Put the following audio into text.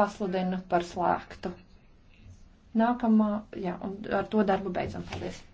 pasludinu par slēgtu. Nākamā, jā, un ar to darbu beidzam. Paldies!